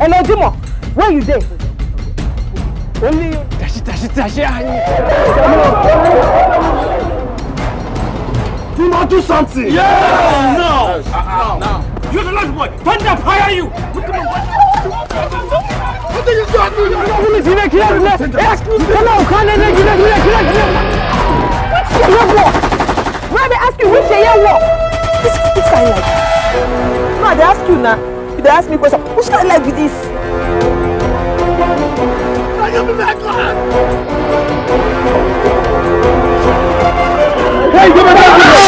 Hello, Jimo. Where you there? Only. Tashi, tashi, tashi. Ah. You must do something. Yeah. yeah. Now. Uh, uh, now. You're the last boy. Thunder fire you. What are you doing? Police, you make here. Yes. Come on, come on, you make here, you make here. Which year you walk? Why they ask you which year you walk? This, this guy like. No, they ask you now. You don't ask me question. What's going like with this? Can you be my God? Hey, give me that!